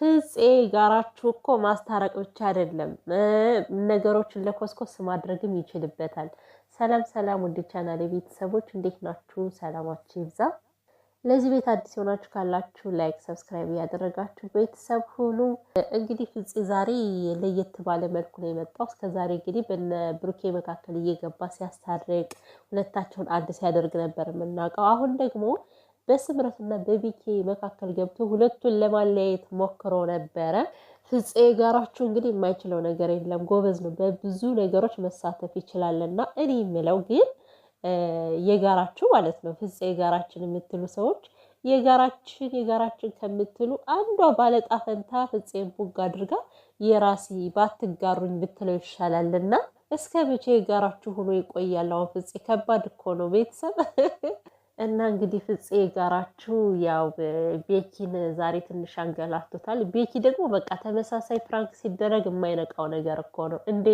ፍፄ ጋራችሁ እኮ ማስታረቅ ብቻ አይደለም ነገሮችን ለኮስኮስ ማድረግም ይችልበታል። ሰላም ሰላም፣ ውድ ቻናል ለቤተሰቦች እንዴት ናችሁ? ሰላማችሁ ይብዛ። ለዚህ ቤት አዲስ የሆናችሁ ካላችሁ ላይክ፣ ሰብስክራይብ እያደረጋችሁ ቤተሰብ ሁኑ። እንግዲህ ፍፄ ዛሬ ለየት ባለ መልኩ ነው የመጣው። እስከዛሬ እንግዲህ በነ ብሩኬ መካከል እየገባ ሲያስታርቅ፣ ሁለታቸውን አንድ ሲያደርግ ነበር የምናውቀው። አሁን ደግሞ በስምረትና በቢኬ መካከል ገብቶ ሁለቱን ለማለያየት ሞክሮ ነበረ። ፍፄ ጋራችሁ እንግዲህ የማይችለው ነገር የለም፣ ጎበዝ ነው፣ በብዙ ነገሮች መሳተፍ ይችላልና እኔ የምለው ግን የጋራችሁ ማለት ነው። ፍፄ ጋራችን የምትሉ ሰዎች የጋራችን የጋራችን ከምትሉ አንዷ ባለጣፈንታ ፍፄን ቡግ አድርጋ የራሴ ባትጋሩኝ ብትለው ይሻላልና እስከ መቼ የጋራችሁ ሆኖ ይቆያል? አሁን ፍፄ ከባድ እኮ ነው ቤተሰብ እና እንግዲህ ፍፄ ጋራችሁ ያው ቤኪን ዛሬ ትንሽ አንገላቶታል። ቤኪ ደግሞ በቃ ተመሳሳይ ፕራንክ ሲደረግ የማይነቃው ነገር እኮ ነው እንዴ!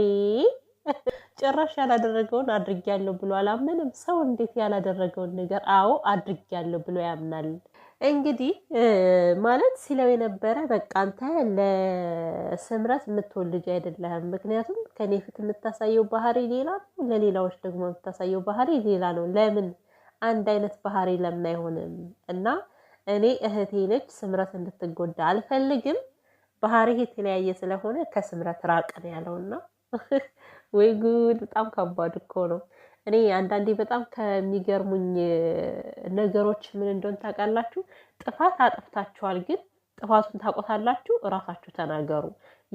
ጭራሽ ያላደረገውን አድርጊያለሁ ብሎ አላመንም። ሰው እንዴት ያላደረገውን ነገር አዎ አድርጊያለሁ ብሎ ያምናል? እንግዲህ ማለት ሲለው የነበረ በቃ አንተ ለስምረት የምትወልጅ አይደለህም። ምክንያቱም ከኔ ፊት የምታሳየው ባህሪ ሌላ ነው፣ ለሌላዎች ደግሞ የምታሳየው ባህሪ ሌላ ነው። ለምን አንድ አይነት ባህሪ ለምን አይሆንም? እና እኔ እህቴ ነች ስምረት እንድትጎዳ አልፈልግም። ባህሪ የተለያየ ስለሆነ ከስምረት ራቅ ነው እና ወይ ጉድ! በጣም ከባድ እኮ ነው። እኔ አንዳንዴ በጣም ከሚገርሙኝ ነገሮች ምን እንደሆን ታውቃላችሁ? ጥፋት አጥፍታችኋል ግን ጥፋቱን ታቆታላችሁ እራሳችሁ ተናገሩ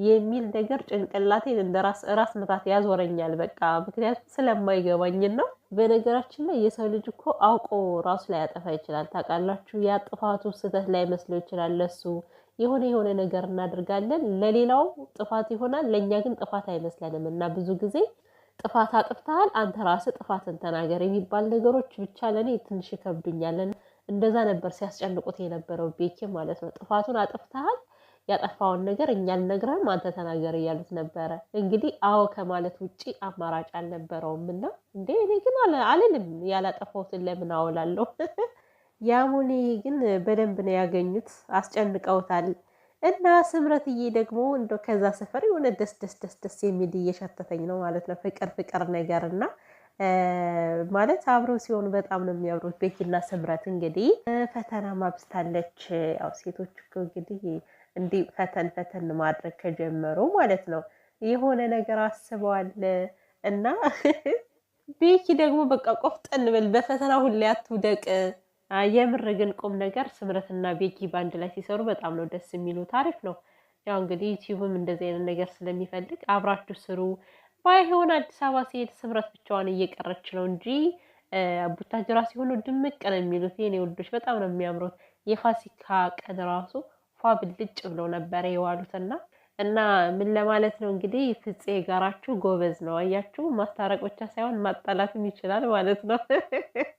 የሚል ነገር ጭንቅላቴን እንደ ራስ ራስ ምታት ያዞረኛል። በቃ ምክንያቱም ስለማይገባኝን ነው። በነገራችን ላይ የሰው ልጅ እኮ አውቆ ራሱ ላይ ያጠፋ ይችላል። ታውቃላችሁ፣ ያ ጥፋቱ ስህተት ላይ መስሎ ይችላል። ለሱ የሆነ የሆነ ነገር እናደርጋለን፣ ለሌላው ጥፋት ይሆናል፣ ለእኛ ግን ጥፋት አይመስለንም። እና ብዙ ጊዜ ጥፋት አጥፍተሃል፣ አንተ ራስ ጥፋትን ተናገር የሚባል ነገሮች ብቻ ለእኔ ትንሽ ይከብዱኛለን። እንደዛ ነበር ሲያስጨንቁት የነበረው ቤኬ ማለት ነው። ጥፋቱን አጥፍተሃል፣ ያጠፋውን ነገር እኛ አልነግረህም፣ አንተ ተናገር እያሉት ነበረ። እንግዲህ አዎ ከማለት ውጪ አማራጭ አልነበረውም። እና እንዴ እኔ ግን አልልም፣ ያላጠፋሁትን ለምን አውላለሁ። ያሙኔ ግን በደንብ ነው ያገኙት፣ አስጨንቀውታል። እና ስምረትዬ ደግሞ እንደ ከዛ ሰፈር የሆነ ደስ ደስ ደስ ደስ የሚል እየሸተተኝ ነው ማለት ነው ፍቅር ፍቅር ነገር እና ማለት አብረው ሲሆኑ በጣም ነው የሚያምሩት። ቤኪና ስምረት እንግዲህ ፈተና ማብስታለች። ያው ሴቶች እንግዲህ እንዲህ ፈተን ፈተን ማድረግ ከጀመሩ ማለት ነው የሆነ ነገር አስበዋል እና ቤኪ ደግሞ በቃ ቆፍጠን ብል በፈተና ሁሌ አትውደቅ። የምር ግን ቁም ነገር ስምረትና ቤኪ በአንድ ላይ ሲሰሩ በጣም ነው ደስ የሚሉ። ታሪፍ ነው። ያው እንግዲህ ዩቲዩብም እንደዚህ አይነት ነገር ስለሚፈልግ አብራችሁ ስሩ ባይሆን አዲስ አበባ ሲሄድ ስምረት ብቻዋን እየቀረች ነው እንጂ ቡታጅራ ሲሆኑ ድምቅ ነው የሚሉት የኔ ውዶች፣ በጣም ነው የሚያምሩት። የፋሲካ ቀን ራሱ ፏ ብልጭ ብለው ነበረ የዋሉትና እና ምን ለማለት ነው እንግዲህ ፍፄ ጋራችሁ ጎበዝ ነው አያችሁ። ማስታረቅ ብቻ ሳይሆን ማጣላትም ይችላል ማለት ነው።